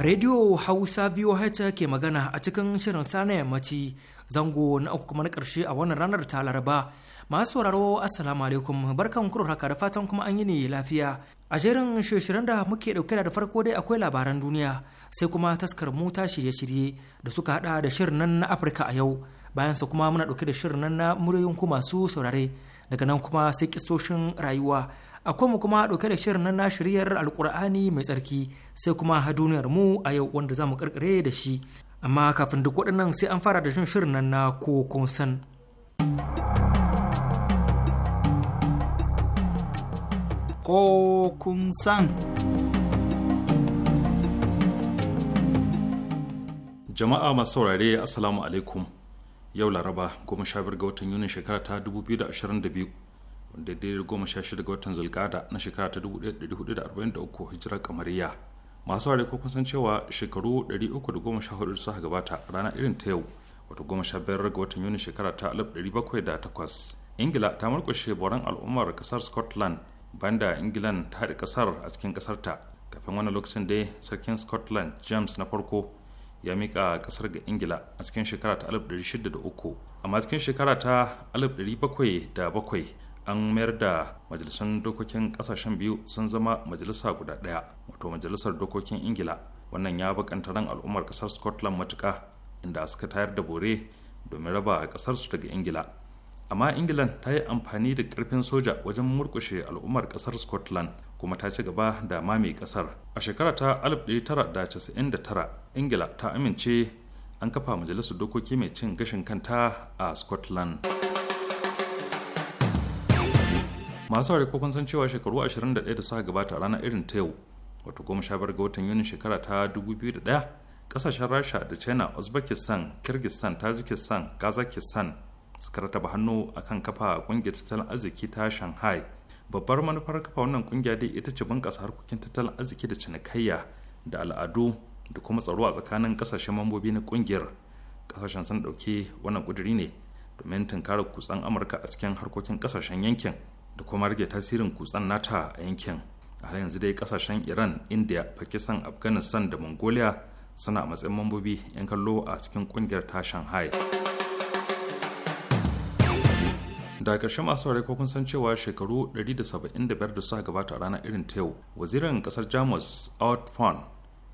Radio Hausa biyu VOH ke magana a cikin shirin sana yammaci zango na uku kuma na ƙarshe a wannan ranar ta Laraba. Masu sauraro Assalamu alaikum barkan kuro haka da fatan kuma an yi ne lafiya. A jerin shirin da muke ɗauke da farko dai akwai labaran duniya sai kuma taskar mu ta shirye-shirye da suka hada da shirin nan na Afirka a yau. Bayan sa kuma muna ɗauke da shirin nan na muryoyin ku masu saurare daga nan kuma sai kistoshin rayuwa akwai mu kuma ɗauke da shirin na shiryar alkur'ani mai tsarki sai kuma ha duniyar mu a yau wanda za mu karkare da shi amma kafin duk waɗannan sai an fara da shin shirin nan na ko kun san ko kun san jama'a masu saurare assalamu alaikum yau laraba goma sha biyar ga watan yunin shekara ta biyu. wanda daidai goma sha shida ga watan zulkada na shekara ta 1443 hijirar kamariya masu ware ko kusan cewa shekaru 314 suka gabata a ranar irin ta yau wato goma sha biyar ga watan yuni shekara ta 1708 ingila ta murkushe boran al'ummar kasar scotland banda ingilan ta haɗe kasar a cikin kasarta kafin wani lokacin dai sarkin scotland james na farko ya mika kasar ga ingila a cikin shekara ta 1603 amma cikin shekara ta 1707 an mayar da majalisun dokokin kasashen biyu sun zama majalisa guda daya wato majalisar dokokin ingila wannan ya bakanta ran al'ummar kasar scotland matuka inda suka tayar da bore domin raba kasarsu daga ingila amma ingila ta yi amfani da karfin soja wajen murkushe al'ummar kasar scotland kuma ta ci gaba da mame kasar a shekara ta 1999 ingila ta amince an kafa majalisar dokoki mai cin gashin kanta a scotland masu ko kun san cewa shekaru 21 da suka gabata a ranar irin ta yau wato goma sha biyar ga watan yuni shekara ta 2001 kasashen rasha da china uzbekistan kirgistan tajikistan kazakistan suka rataba hannu akan kafa kungiyar tattalin arziki ta shanghai babbar manufar kafa wannan kungiya dai ita ce bunkasa harkokin tattalin arziki da cinikayya da al'adu da kuma tsaro a tsakanin kasashen mambobi na kungiyar kasashen sun ɗauki wannan ƙuduri ne domin tunkarar kutsan amurka a cikin harkokin kasashen yankin da kuma rage tasirin kutsen nata a yankin a har yanzu dai kasashen iran india pakistan afghanistan da mongolia suna matsayin mambobi 'yan kallo a cikin kungiyar ta shanghai da ƙarshe masu rai kun san cewa shekaru 175 da suka gabata rana irin ta yau waziran kasar jamus out von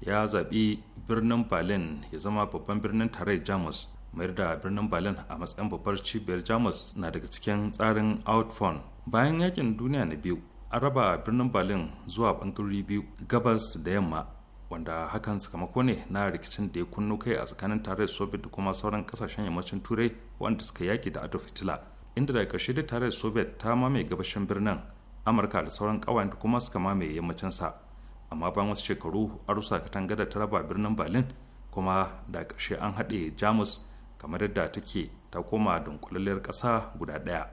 ya zaɓi birnin berlin ya zama babban birnin tarayyar jamus mayar da birnin berlin a matsayin babbar cibiyar jamus na daga cikin tsarin outfront bayan yakin duniya na biyu an raba birnin berlin zuwa bangarori biyu gabas da yamma wanda hakan sakamako ne na rikicin da ya kunno kai a tsakanin tarayyar soviet da kuma sauran kasashen yammacin turai wanda suka yaki da adolf hitler inda daga ƙarshe da tarayyar soviet ta mamaye gabashin birnin amurka da sauran ƙawayen da kuma suka mamaye yammacin sa amma bayan wasu shekaru a rusa katanga da ta raba birnin berlin kuma da ƙarshe an haɗe jamus kamar yadda take ta koma dunkulalliyar ƙasa guda ɗaya.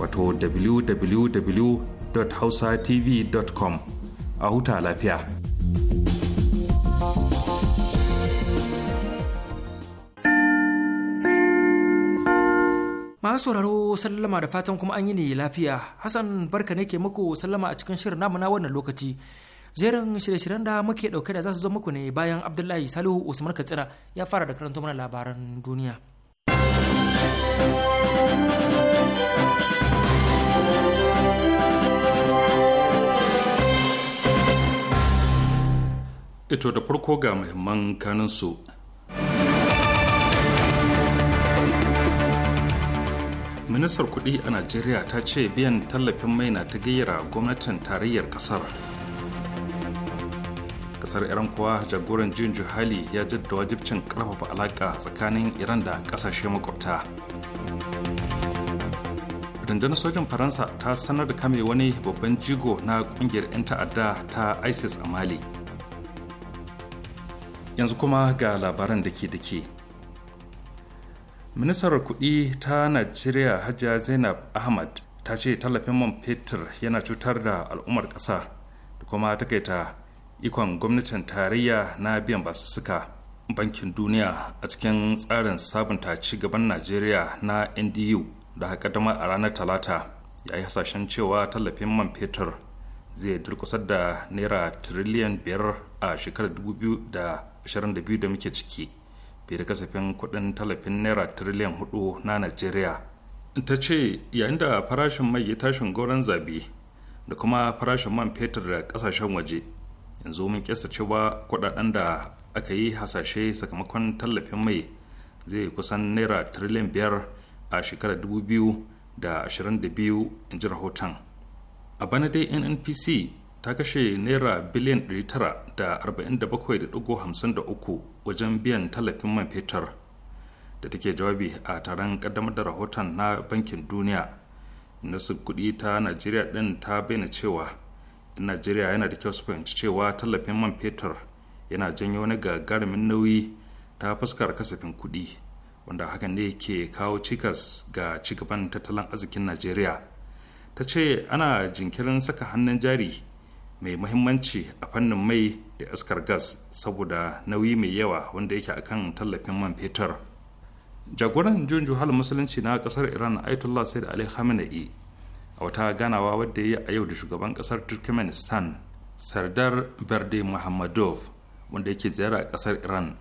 wato www.hausatv.com a huta lafiya. Masu sauraro sallama da fatan kuma an yi ne lafiya. Hassan barka ne ke muku sallama a cikin shirin namuna na wannan lokaci. zerin shirye-shiryen da muke dauke da za su zo muku ne bayan Abdullahi Salihu Usman Katsina ya fara da karanta mana labaran duniya. ito eh, da farko ga muhimman kanunsu. Ministar kuɗi a Najeriya ta ce biyan tallafin mai na ta gayyara gwamnatin tarayyar ƙasar. Ƙasar Iran kuwa jagoran jin juhali ya jadda wajibcin ƙarfafa alaƙa tsakanin Iran da ƙasashe makwabta. Dandana sojin faransa ta sanar da kame wani babban jigo na ƙungiyar 'yan ta'adda ta isis a mali yanzu kuma ga labaran da ke da ke ministar kudi ta najeriya hajja zainab ahmad ta ce tallafin man fetur yana cutar da al'ummar ƙasa da kuma takaita ikon gwamnatin tarayya na biyan basu basussuka bankin duniya a cikin tsarin sabunta ci gaban najeriya na ndu da kaddama a ranar talata ya yi hasashen cewa tallafin man fetur zai durkusar da naira tiriliyan biyar a shekarar 22 da muke ciki fiye da kasafin kudin talafin naira tiriliyan 4 na najeriya ta ce yayin da farashin mai ya tashin goron zabi da kuma farashin man fetur da kasashen waje yanzu mun kyasa cewa kudaden da aka yi hasashe sakamakon tallafin mai zai kusan naira tiriliyan 5 a shekarar 2022 in ji rahoton a bana dai nnpc ta kashe naira biliyan 947.53 wajen biyan tallafin man fetur da take jawabi a taron kaddamar da rahoton na bankin duniya nasu kudi ta najeriya din ta bayyana cewa in najeriya yana da kyau su fahimci cewa tallafin man fetur yana janyo wani gagarumin nauyi ta fuskar kasafin kudi wanda hakan ne ke kawo cikas ga cigaban tattalin arzikin najeriya ta ce ana jinkirin saka hannun jari mai muhimmanci a fannin mai da iskar gas saboda nauyi mai yawa wanda yake a kan tallafin man fetur jagoran junju hal musulunci na kasar iran ayatollah Sayyid ali khamenei a wata ganawa wadda ya a yau da shugaban kasar turkmenistan sardar verde muhammadov wanda yake ziyara a kasar iran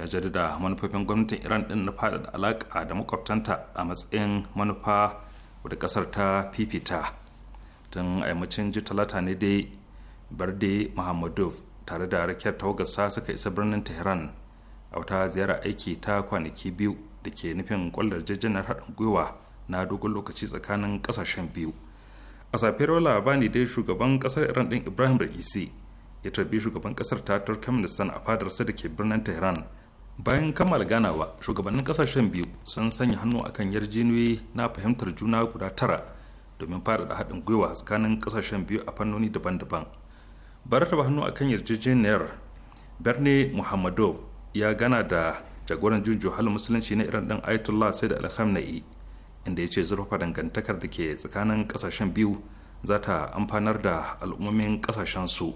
ya jaddada manufofin gwamnatin iran din na faɗaɗa alaƙa da makwabtanta a matsayin manufa wadda kasar ta fifita tun aimacin ji talata ne dai barde muhammadov tare da rakiyar tawagarsa suka isa birnin tehran a wata ziyara aiki ta kwanaki biyu da ke nufin kwallar jajjanar haɗin gwiwa na dogon lokaci tsakanin ƙasashen biyu a safiyar labani dai shugaban ƙasar iran ɗin ibrahim ra'isi ya tarbi shugaban ƙasar ta turkmenistan a fadarsa da ke birnin tehran bayan kammala ganawa shugabannin ƙasashen biyu sun sanya hannu akan yarjejeniyoyi na fahimtar juna guda tara domin faɗaɗa haɗin gwiwa tsakanin ƙasashen biyu a fannoni daban-daban bar ta hannu akan yarjejeniyar berne muhammadov ya gana da jagoran junjo hali musulunci na iran din ayatollah sai da khamenei inda ya ce zurfafa dangantakar da ke tsakanin kasashen biyu za ta amfanar da al'ummomin kasashen su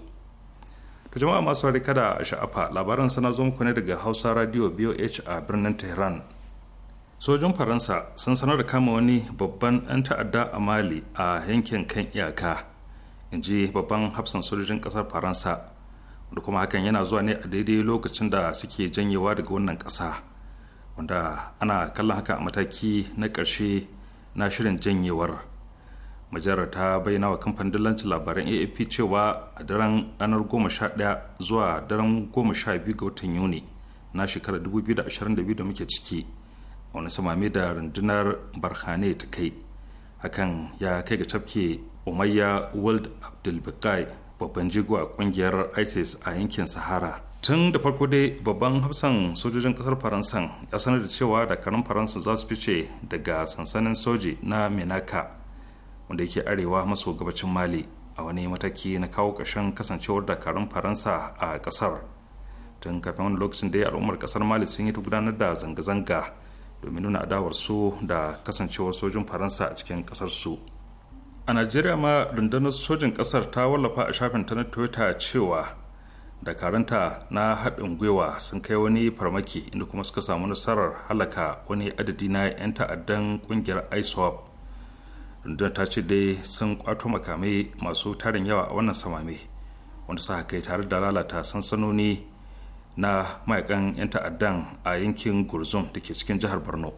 ta jama'a masu harika da sha'afa labaran sana zo muku ne daga hausa radio voh a birnin tehran sojin faransa sun sanar da kama wani babban 'yan ta'adda a mali a yankin kan iyaka in ji babban hafsan sojojin ƙasar faransa wanda kuma hakan yana zuwa ne a daidai lokacin da suke janyewa daga wannan ƙasa wanda ana kallon haka a mataki na ƙarshe na shirin janyewar majalar ta bayyana wa kamfanin dillancin labaran afp cewa a daren ranar 11 zuwa daren 12 ga watan yuni na shekarar 2022 da muke ciki wani samami da rundunar barhane ta kai hakan ya kai ga cafke umayya world abdulbikai babban jigo a kungiyar isis a yankin sahara tun da farko dai babban hafsan sojojin kasar faransan ya sanar da cewa dakarun faransa za su fice daga sansanin soji na menaka wanda yake arewa maso gabacin mali a wani mataki na kawo ƙarshen kasancewar dakarun faransa a ƙasar tun kafin wani lokacin da al'ummar ƙasar mali sun yi ta gudanar da zanga-zanga domin nuna adawar su da kasancewar sojin faransa a cikin ƙasarsu a najeriya ma rundunar sojin kasar ta wallafa a shafin ta na twitter cewa dakaranta na haɗin gwiwa sun kai wani farmaki inda kuma suka samu nasarar halaka wani adadi na 'yan ta'addan kungiyar iswap rundunar ta ce dai sun kwato makamai masu tarin yawa a wannan samame wanda suka kai tare da lalata sansanoni na mayakan 'yan ta'addan a yankin gurzum da ke cikin jihar borno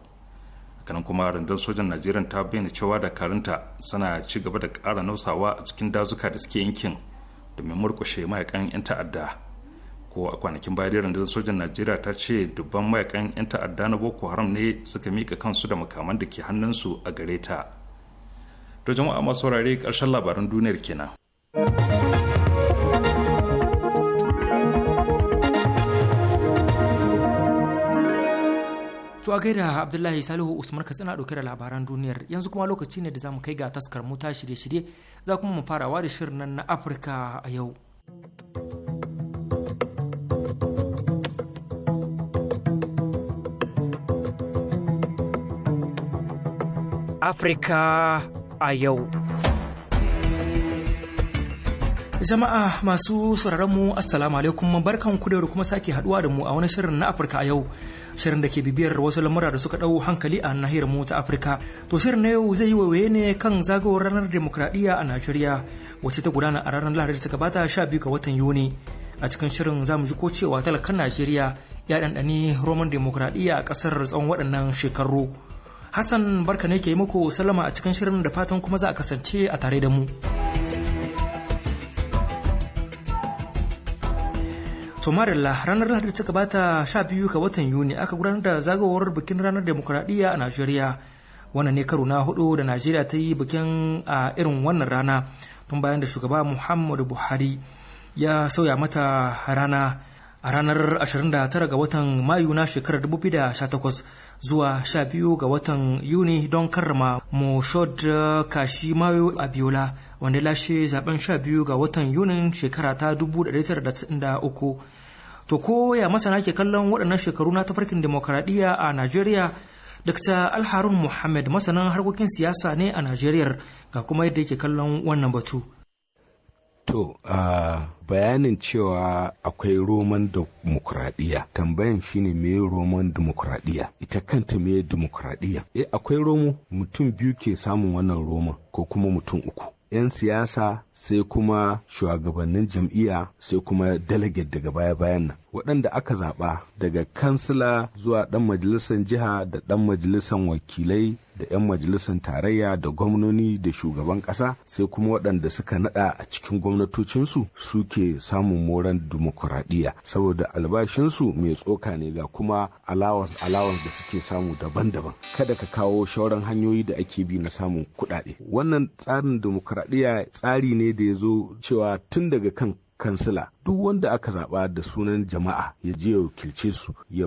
kanan kuma rundunar sojan najeriya ta bayyana cewa dakarunta suna ci gaba da kara nausawa a cikin dazuka da suke yankin domin murkushe mayakan 'yan ta'adda ko a kwanakin baya dai rundunar sojan najeriya ta ce dubban mayakan 'yan ta'adda na boko haram ne suka mika kansu da makaman da ke hannunsu a gare ta to jama'a masu saurare ƙarshen labaran duniyar kenan. To gaida Abdullahi Salihu Usman Katsina ɗauke da labaran duniyar yanzu kuma lokaci ne da za mu kai ga taskar mu shirye-shirye za kuma mu fara da shirin nan na Afirka a yau. Afirka a yau. Jama'a masu sauraron mu assalamu alaikum barkan ku da kuma sake haduwa da mu a wani shirin na Afirka a yau. Shirin da ke bibiyar wasu lamura da suka dau hankali a nahiyar mu ta Afirka. To shirin na yau zai yi waiwaye ne kan zagawar ranar demokradiyya a Najeriya wacce ta gudana a ranar Lahadi da ta gabata 12 ga watan Yuni. A cikin shirin za mu ji ko cewa talakan Najeriya ya dandani Roman demokradiyya a ƙasar tsawon waɗannan shekaru. Hassan barka ne ke muku sallama a cikin shirin da fatan kuma za a kasance a tare da mu. Somalia ranar Lahadi ta gabata 12 ga watan Yuni aka gudanar da zagawar bikin ranar demokuraɗiyya a Najeriya. Wannan ne karo na hudu da Najeriya ta yi bikin a irin wannan rana tun bayan da shugaba Muhammadu Buhari ya sauya mata rana a ranar 29 ga watan Mayu na shekarar 2018 zuwa 12 ga watan Yuni don karrama Moshod Mayu Abiola wanda lashe zaben 12 ga watan yunin shekara ta 1993 To ko ya masana ke kallon waɗannan shekaru na tafarkin demokaradiyya a Najeriya? Dr. Alharun Muhammad masanan harkokin siyasa ne a Najeriya ga kuma yadda yake kallon wannan batu. To, uh, bayanin cewa akwai Roman demokuraɗiyya tambayan shine me Roman demokuraɗiyya ita kanta me demokuraɗiyya eh akwai Romo mutum biyu ke samun wannan Roman ko kuma mutum uku. 'Yan siyasa sai kuma shugabannin jam'iyya sai kuma delegate daga baya-bayan nan. waɗanda aka zaɓa daga kansila zuwa ɗan majalisar jiha da ɗan majalisar wakilai da 'yan majalisar tarayya da gwamnoni da shugaban ƙasa sai kuma waɗanda suka naɗa a cikin gwamnatocinsu suke samun moran dimokuraɗiyya saboda albashinsu mai tsoka ne ga kuma alawan da suke samu daban-daban kada ka kawo shauran hanyoyi da ake bi na samun kuɗaɗe wannan tsarin dimokuraɗiyya tsari ne da ya zo cewa tun daga kan kansila duk wanda aka zaba da sunan jama'a ya je ya wakilce su ya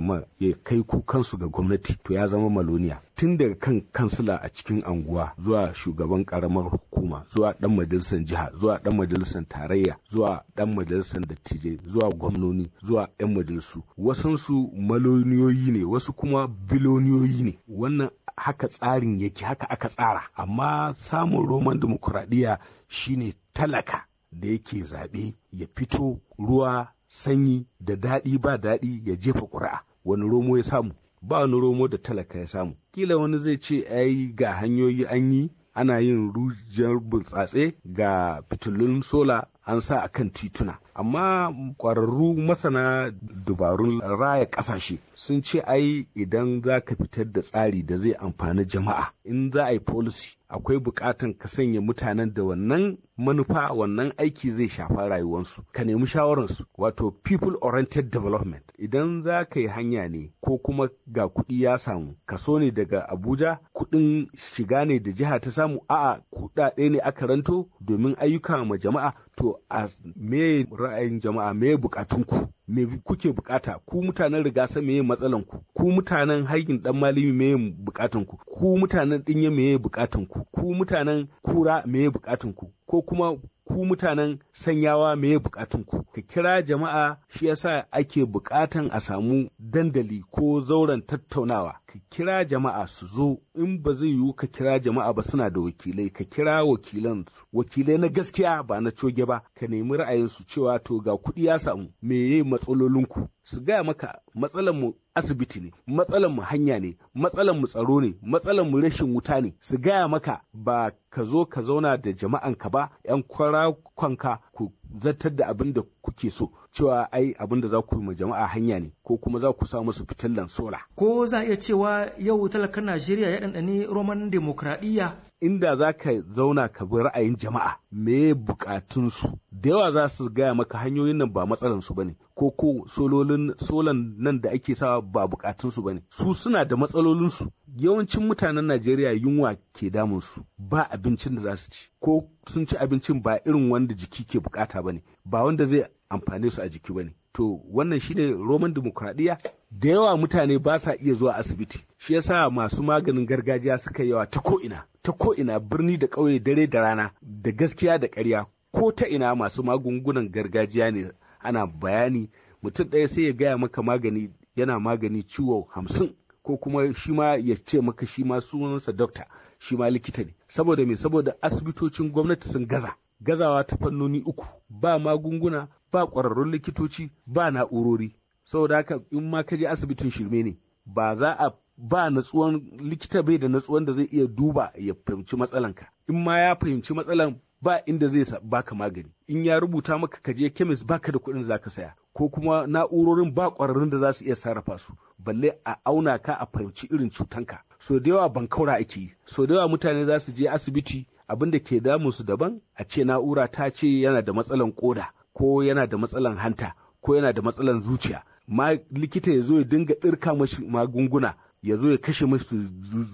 kai kukansu ga gwamnati to ya zama maloniya tun daga kan kansila a cikin anguwa zuwa shugaban karamar hukuma zuwa dan majalisar jiha zuwa dan majalisar tarayya zuwa dan majalisar dattijai zuwa gwamnoni zuwa yan majalisu wasansu maloniyoyi ne wasu kuma biloniyoyi ne wannan haka tsarin yake haka aka tsara amma samun roman dimokuraɗiyya shine talaka da yake zaɓe ya fito ruwa sanyi da daɗi ba daɗi ya jefa ƙuri'a wani romo ya samu ba wani romo da talaka ya samu kila wani zai ce ai ga hanyoyi an yi ana yin rujiyar burtsatse ga fitilun sola an sa a kan tituna amma ƙwararru masana dubarun raya ƙasashe sun ce ai idan za ka fitar da tsari da zai amfani jama'a in za a yi policy akwai bukatan ka sanya mutanen da wannan manufa wannan aiki zai shafa rayuwarsu ka nemi shawararsu wato people oriented development idan za ka yi hanya ne ko kuma ga kuɗi ya samu kaso ne daga abuja kuɗin shiga ne da jiha ta samu a'a kuɗaɗe ne aka ranto domin ayyuka ma jama'a to a me ra'ayin jama'a me bukatunku me kuke bukata ku mutanen rigasa meye matsalan ku ku mutanen haigin dan malimi meye bukatan ku ku mutanen dinye meye bukatan ku ku mutanen kura meye bukatan ku ko kuma ku mutanen sanyawa meye bukatun ku ka kira jama'a shi yasa ake bukatan a samu dandali ko zauren tattaunawa ka kira jama'a su zo in ba zai yiwu ka kira jama'a ba suna da wakilai ka kira wakilan su wakilai na gaskiya ba na coge ba ka nemi ra'ayinsu cewa to ga kuɗi ya samu me matsalolin matsalolinku su gaya maka matsalar mu asibiti ne matsalar mu hanya ne matsalar mu tsaro ne matsalar mu rashin wuta ne su gaya maka ba ka zo ka zauna da jama'anka ba 'yan kwarakwanka ku zartar da abin da kuke so cewa ai abin da za ku ma jama'a hanya ne ko kuma za ku sa musu fitillan sola. Ko za a iya cewa yau talakan Najeriya ya ɗanɗani Roman demokradiyya inda za ka zauna ka bi ra'ayin jama'a me bukatunsu da yawa za su gaya maka hanyoyin nan ba matsalansu ba ne ko ko sololin solan nan da ake sawa ba bukatunsu ba ne su suna da matsalolinsu yawancin mutanen najeriya yunwa ke damunsu ba abincin da za su ci ko sun ci abincin ba irin wanda jiki ke bukata ba ne ba wanda zai amfane su a jiki ba ne to wannan shine roman demokradiyya da yawa mutane ba sa iya zuwa asibiti shi yasa masu maganin gargajiya suka yawa ta ko'ina ta ko'ina birni da ƙauye dare da rana da gaskiya da ƙarya ko ta ina masu magungunan gargajiya ne ana bayani mutum ɗaya sai ya gaya maka magani yana magani ciwo hamsin ko kuma shi ma ya ce maka shi ma sunansa dokta shi ma likita ne saboda me saboda asibitocin gwamnati sun gaza gazawa ta fannoni uku ba magunguna ba ƙwararrun likitoci ba na'urori saboda haka in ma ka je asibitin shirme ne ba za a ba natsuwan likita bai da natsuwan da zai iya duba ya fahimci matsalanka in ma ya fahimci matsalan ba inda zai baka magani in ya rubuta maka ka je kemis baka da kuɗin zaka saya ko kuma na'urorin ba ƙwararrun da za su iya sarrafa su balle a auna ka a fahimci irin cutanka so da yawa bankaura ake yi so da yawa mutane za su je asibiti abin da ke damun su daban a ce na'ura ta ce yana da matsalan koda ko yana da matsalan hanta ko yana da matsalan zuciya ma likita ya zo ya dinga ɗirka mashi magunguna ya zo ya kashe masu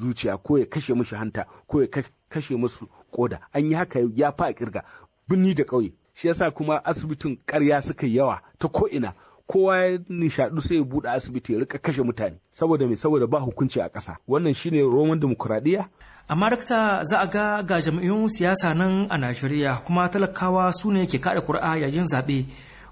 zuciya ko ya kashe mashi hanta ko ya kashe masu koda an yi haka ya fa kirga binni da ƙauye shi yasa kuma asibitin ƙarya suka yawa ta ko ina kowa ya nishaɗu sai ya buɗe asibiti ya rika kashe mutane saboda mai saboda ba hukunci a ƙasa wannan shine roman demokuraɗiyya amma dakta za a ga ga jam'iyyun siyasa nan a najeriya kuma talakawa su ne ke kada kura yayin zaɓe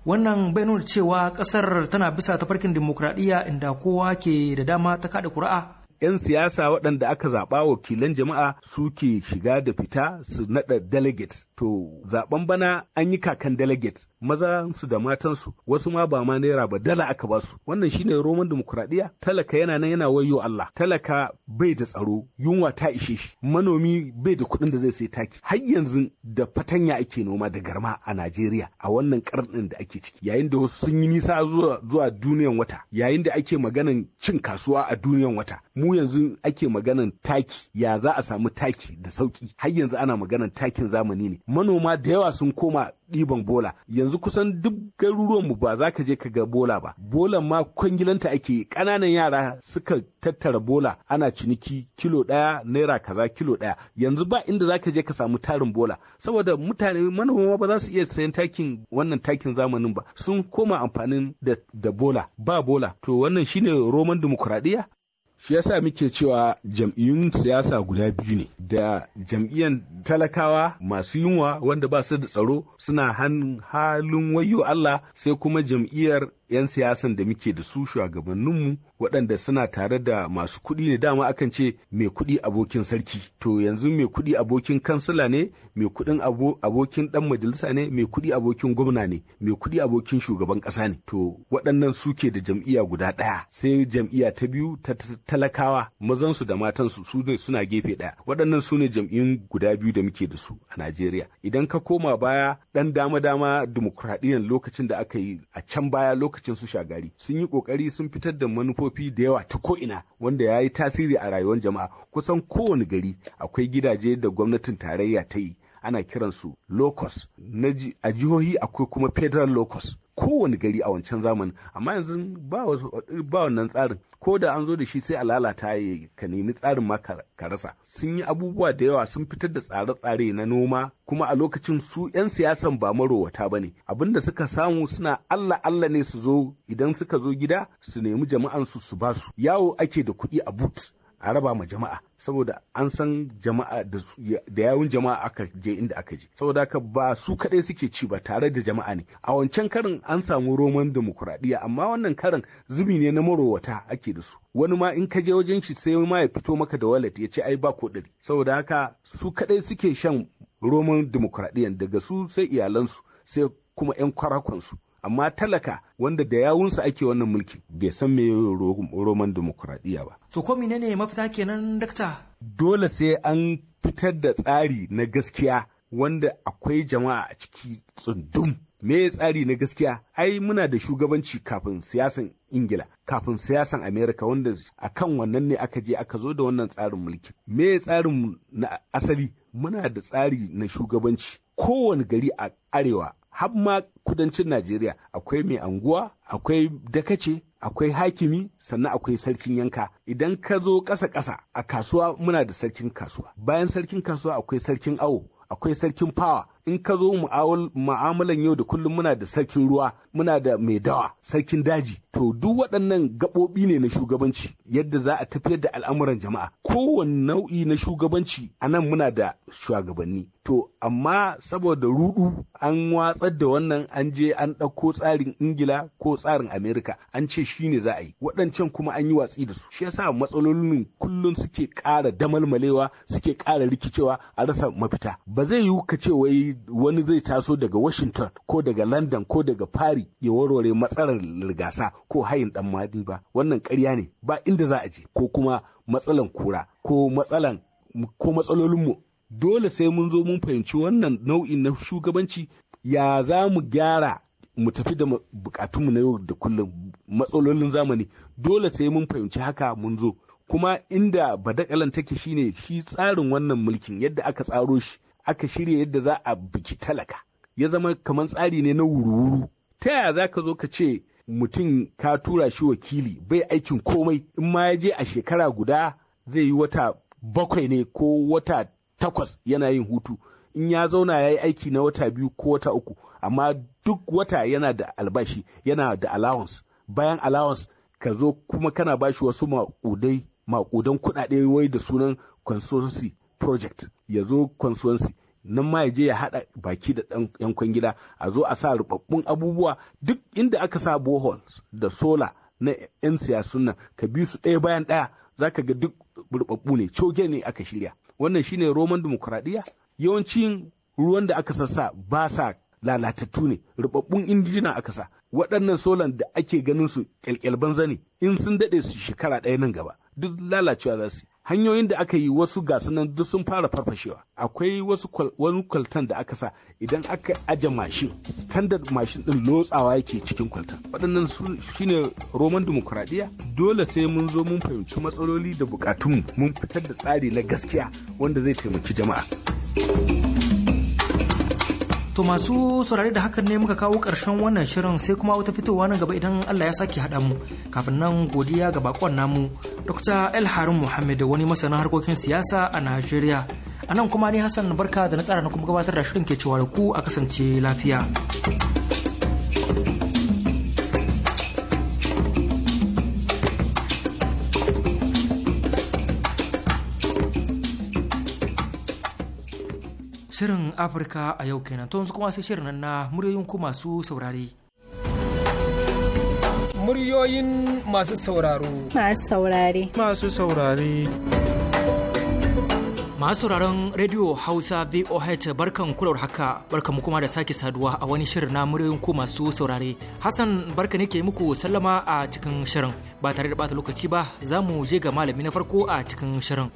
wannan bai nuna cewa ƙasar tana bisa tafarkin dimokuraɗiyya inda kowa ke da dama ta kada kura. 'yan siyasa waɗanda aka zaɓa wakilan jama'a suke shiga da fita su naɗa delegate to zaɓen bana an yi kakan delegate maza su da matansu wasu ma ba ma naira ba dala aka ba su wannan shine roman demokuraɗiyya talaka yana nan yana wayo Allah talaka bai da tsaro yunwa ta ishe shi manomi bai da kuɗin da zai sai taki har yanzu da fatanya ake noma da garma a Najeriya a wannan karnin da ake ciki yayin da wasu sun yi nisa zuwa duniyan wata yayin da ake maganan cin kasuwa a duniyan wata mu yanzu ake maganan taki ya za a samu taki da sauki har yanzu ana maganan takin zamani ne manoma da yawa sun koma ɗiban bola yanzu kusan duk garuruwanmu ba za ka je ka ga bola ba bola ma kwangilanta ake ƙananan yara suka tattara bola ana ciniki kilo ɗaya naira kaza kilo ɗaya yanzu ba inda za ka je ka samu tarin bola saboda mutane manoma ba za su iya sayan takin wannan takin zamanin ba sun koma amfanin da, bola ba bola to wannan shine roman dimokuraɗiyya shi yasa muke cewa jam'iyyun siyasa guda biyu ne da jam'iyyan talakawa masu yunwa wanda ba su da tsaro suna hannun halin wayo Allah sai kuma jam'iyyar 'yan siyasan da muke da su shugabanninmu waɗanda suna tare da masu kuɗi ne dama akan ce mai kuɗi abokin sarki to yanzu mai kuɗi abokin kansila ne mai kuɗin abokin ɗan majalisa ne mai kuɗi abokin gwamna ne mai kuɗi abokin shugaban ƙasa ne to waɗannan suke da jam'iyya guda ɗaya sai jam'iyya ta biyu ta talakawa mazansu da matansu su ne suna gefe ɗaya waɗannan su ne jam'iyyun guda biyu da muke da su a Najeriya idan ka koma baya ɗan dama-dama dimokuraɗiyyar lokacin da aka yi a can baya lokacin lokacin su shagari sun yi kokari sun fitar da manufofi da yawa ta ko'ina wanda ya yi tasiri a rayuwar jama'a kusan kowane gari akwai gidaje da gwamnatin tarayya ta yi ana kiransu locus a jihohi akwai kuma federal locus kowane gari a wancan zamanin amma yanzu ba wannan tsarin ko da an zo da shi sai a lalata ya ka nemi tsarin ma ka rasa sun yi abubuwa da yawa sun fitar da tsare-tsare na noma kuma a lokacin su 'yan siyasan ba marowata ba ne abinda suka samu suna allah allah ne su zo idan suka zo gida su nemi jama'ansu su basu yawo ake da kuɗi a but a raba ma jama'a saboda an san jama'a da yawun jama'a aka je inda aka je saboda haka ba su kadai suke ci ba tare da jama'a ne a wancan karin an samu roman demokuraɗiyya amma wannan karin zubi ne na marowata ake da su wani ma in ka je wajen shi sai ma ya fito maka da walet ya ce ai ba ko ɗari saboda haka su kadai suke shan roman demokuraɗiyyan daga su sai iyalansu sai kuma 'yan kwarakonsu amma talaka wanda da yawunsa ake wannan mulki bai san me roman demokuraɗiyya ba. To ko ne mafita kenan dakta? Dole sai an fitar da tsari na gaskiya wanda akwai jama'a a ciki tsundum. Me tsari na gaskiya? Ai muna da shugabanci kafin siyasan Ingila, kafin siyasan Amerika wanda a kan wannan ne aka je aka zo da wannan tsarin mulki. Me tsarin na asali? Muna da tsari na shugabanci. Kowane gari a arewa har ma kudancin Najeriya akwai mai anguwa, akwai dakace, akwai hakimi, sannan akwai sarkin yanka. Idan ka zo ƙasa-ƙasa a kasuwa muna da sarkin kasuwa. Bayan sarkin kasuwa akwai sarkin awo, akwai sarkin fawa, in ka zo mu'amalan yau da kullum muna da sarkin ruwa muna da mai dawa sarkin daji to duk waɗannan gaɓoɓi ne na shugabanci yadda za a tafiyar da al'amuran jama'a kowane nau'i na shugabanci a nan muna da shugabanni to amma saboda rudu an watsar da wannan an je an ɗauko tsarin ingila ko tsarin amerika an ce shi ne za a yi waɗancan kuma an yi watsi da su shi yasa matsalolin kullum suke ƙara damalmalewa suke ƙara rikicewa a rasa mafita ba zai yiwu ka ce wai wani zai taso daga washington ko daga london ko daga paris ya warware matsalar rigasa ko hayin dan madi ba wannan karya ne ba inda za a je ko kuma matsalan kura ko matsalan ko matsalolinmu dole sai mun zo mun fahimci wannan nau'in na shugabanci ya za mu gyara mu tafi da bukatunmu na yau da kullum matsalolin zamani dole sai mun fahimci haka mun zo kuma inda badakalan take shine shi tsarin wannan mulkin yadda aka tsaro shi aka shirya yadda za a biki talaka ya zama kamar tsari ne na wuru-wuru ta yaya za ka zo ka ce mutum ka tura shi wakili bai aikin komai in ma ya je a shekara guda zai yi wata bakwai ne ko wata takwas yana yin hutu in ya zauna ya yi aiki na wata biyu ko wata uku amma duk wata yana da albashi yana da allowance bayan allowance ka zo kuma kana bashi wasu maƙudai maƙudan kuɗaɗe wai da sunan consultancy project ya zo consulency nan ma ya je ya haɗa baki da ɗan kwangila a zo a sa rubabbun abubuwa duk inda aka sa bohol da sola na 'yan siyasun nan ka bi su ɗaya bayan ɗaya za ka ga duk rubabbu ne coge ne aka shirya wannan shine roman demokuraɗiyya yawancin ruwan da aka sassa ba sa lalatattu ne rubabbun indijina aka sa waɗannan solan da ake ganin su ƙyalƙyal banza ne in sun daɗe su shekara ɗaya nan gaba duk lalacewa za su yi. hanyoyin da aka yi wasu gasu nan duk sun fara farfashewa akwai wasu wani kwaltan da aka sa idan aka aje mashin standard mashin din lotsawa yake cikin kwaltan waɗannan su shine roman demokuraɗiyya dole sai mun zo mun fahimci matsaloli da bukatunmu mun fitar da tsari na gaskiya wanda zai taimaki jama'a To masu saurare da hakan ne muka kawo ƙarshen wannan shirin sai kuma wata fitowa nan gaba idan Allah ya sake haɗa mu kafin nan godiya ga bakon namu Dr. El Harun Muhammad wani masanin harkokin siyasa a Najeriya. A nan kuma ni Hassan Barka da na tsara na kuma gabatar da shirin ke cewa ku a kasance lafiya. Shirin Afirka a yau kenan to yanzu kuma sai shirin nan na muryoyin ku masu saurare. Muryoyin masu sauraro. Masu saurare. Masu saurare. Masu sauraron Radio Hausa VOH barkan kulawar haka barkan mu kuma da sake saduwa a wani shirin na muryoyin ku masu saurare. Hassan barka ne ke muku sallama a cikin shirin ba tare da bata lokaci ba za mu je ga malami na farko a cikin shirin.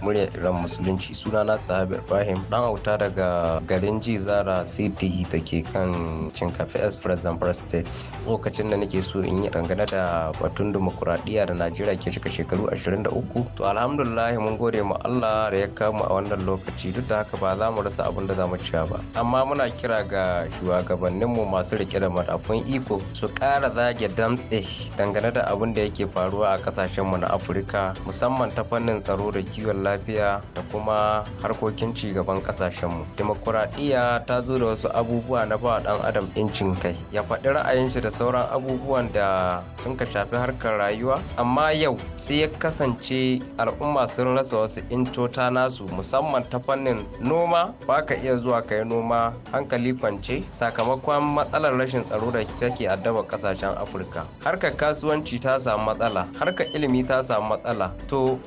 muryar iran musulunci sunana sahabi ibrahim dan auta daga garin jizara city da ke kan shinkafi express press state tsokacin da nake so in yi dangane da batun dimokuraɗiyya da najeriya ke cika shekaru 23 to alhamdulillah mun gode mu allah da ya kamu a wannan lokaci duk da haka ba za mu rasa abin da za mu ciya ba amma muna kira ga shugabanninmu masu rike da madafun iko su ƙara zage damtse dangane da abin da yake faruwa a mu na afirka musamman ta fannin tsaro da kiwon lafiya da kuma harkokin ci gaban mu. demokuraɗiyya ta zo da wasu abubuwa na ba ɗan adam incin kai ya faɗi ra'ayin shi da sauran abubuwan da sun ka shafi harkar rayuwa amma yau sai ya kasance al'umma sun rasa wasu incota nasu musamman ta fannin noma ba ka iya zuwa kai noma hankali kwance sakamakon matsalar rashin tsaro da take addaba kasashen afirka harkar kasuwanci ta samu matsala harkar ilimi ta samu matsala to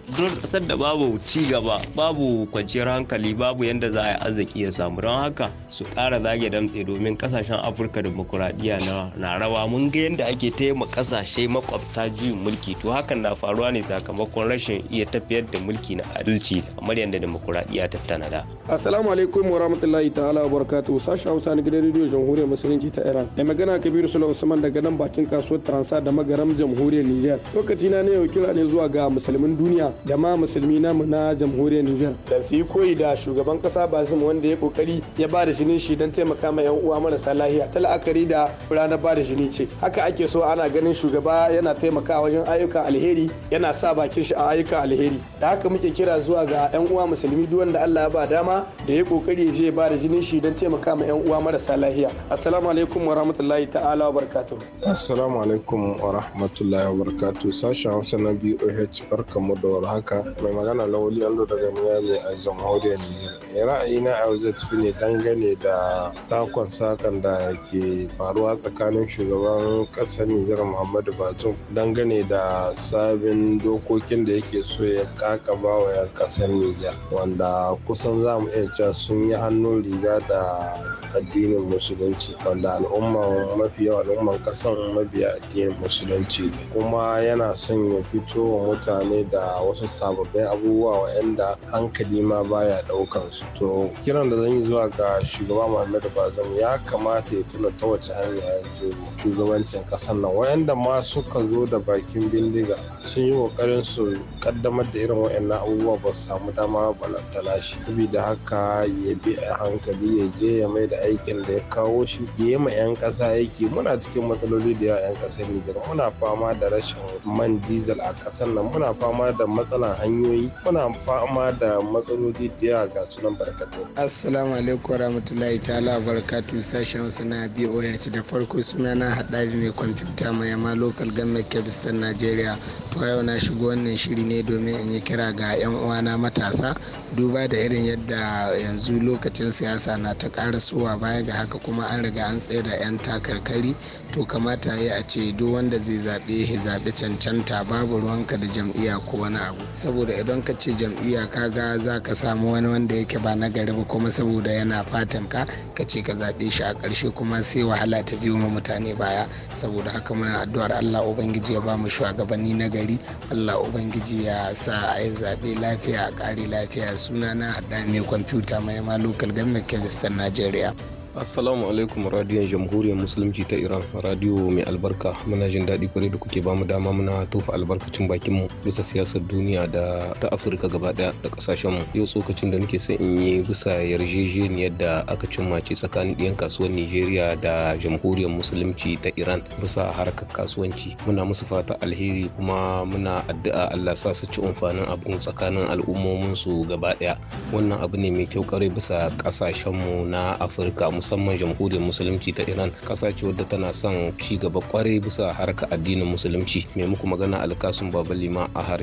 ƙasar da babu ci gaba babu kwanciyar hankali babu yadda za a yi arziki ya samu don haka su ƙara zage damtse domin kasashen afirka demokuraɗiyya na rawa mun ga yadda ake taima kasashe makwabta juyin mulki to hakan na faruwa ne sakamakon rashin iya tafiyar da mulki na adalci kamar yadda demokuraɗiyya ta tanada. assalamu alaikum wa rahmatullahi ta'ala wa barakatu sashi hausa na gidan rediyo jamhuriyar musulunci ta iran mai magana kabiru sula usman daga nan bakin kasuwar transa da magaram jamhuriyar niger lokaci na ne yau kira ne zuwa ga musulmin duniya da ma musulmi na na jamhuriyar Nijar. Da su yi koyi da shugaban kasa Basim wanda ya kokari ya ba da shinin shi don taimaka ma yan uwa marasa lahiya ta la'akari da ranar ba da shini ce. Haka ake so ana ganin shugaba yana taimaka wajen ayyukan alheri yana sa bakin shi a ayyukan alheri. Da haka muke kira zuwa ga yan uwa musulmi duk wanda Allah ya ba dama da ya kokari ya je ba da jinin shi don taimaka ma yan uwa marasa lahiya. Assalamu alaikum wa rahmatullahi ta'ala wa barakatuh. Assalamu alaikum wa rahmatullahi wa barakatuh. Sashen Hausa na BOH barkamu da haka Mai magana lawan Lawli Allo daga Niyami a jamhuriyar Nijar. Ra'ayina a wajen tafi ne dangane da takon sakan da ke faruwa tsakanin shugaban ƙasar Nijar Muhammadu Batun, dangane da sabin dokokin da yake so ya kakaba wa 'yan ƙasar Nijar wanda kusan za mu iya cewa sun yi hannun riga da addinin musulunci wanda al'umman mafi yawa al'umman ƙasar mabiya addinin musulunci kuma yana son ya fito wa mutane da wasu sababbin abubuwa wa'anda hankali ma baya ɗaukan su to kiran da zan yi zuwa ga shugaba muhammadu bazum ya kamata ya tuna ta wace hanya ya zo shugabancin ƙasar nan wa'anda ma suka zo da bakin bindiga sun yi kokarin su kaddamar da irin wa'annan abubuwa ba su samu dama balantana shi saboda haka ya bi a hankali ya je ya mai da aikin da ya kawo shi ya yi ma 'yan ƙasa aiki muna cikin matsaloli da yawa 'yan ƙasar nijar muna fama da rashin man dizal a kasar nan muna fama da matsalan hanyoyi muna fama da matsaloli da yawa ga sunan barkatu. Assalamu alaikum warahmatullahi ta'ala barkatu sashen na BO ya ci da farko suna na haɗari mai kwamfuta mai yama local government Kebistan Najeriya. To yau na shigo wannan shiri ne domin in yi kira ga 'yan uwana matasa duba da irin yadda yanzu lokacin siyasa na ta ƙara suwa baya ga haka kuma an riga an tsaye da 'yan takarkari to kamata ya a ce duk wanda zai zaɓe ya zabe cancanta babu ruwanka da jam'iyya ko wani abu saboda idan ka ce jam'iyya kaga za ka samu wani wanda yake ba na gari ba kuma saboda yana fatan ka ka ce ka zaɓe shi a karshe kuma sai wahala ta biyo ma mutane baya saboda haka muna addu'ar Allah ubangiji ya ba mu shugabanni na gari Allah ubangiji ya sa a yi zaɓe lafiya a kare lafiya sunana haɗa mai kwamfuta mai ma local government kiristan Najeriya. Assalamu alaikum radiyon jamhuriyar musulunci ta Iran radiyo mai albarka muna jin daɗi kwarai da kuke bamu dama muna tofa albarkacin bakin mu bisa siyasar duniya da ta Afirka gaba daya da kasashen mu yau tsokacin da nake son in yi bisa yarjejeniyar da aka cimma ce tsakanin ɗiyan kasuwar Nijeriya da jamhuriyar musulunci ta Iran bisa harkar kasuwanci muna musu fata alheri kuma muna addu'a Allah sa su ci amfanin abun tsakanin al'ummomin su gaba daya wannan abu ne mai kyau kwarai bisa kasashen mu na Afirka musamman jamhuriyar musulunci ta iran kasa ce wadda tana son ci gaba kwarai bisa harka addinin musulunci mai muku magana alkasun lima a har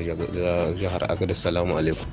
jihar agada salamu alaikum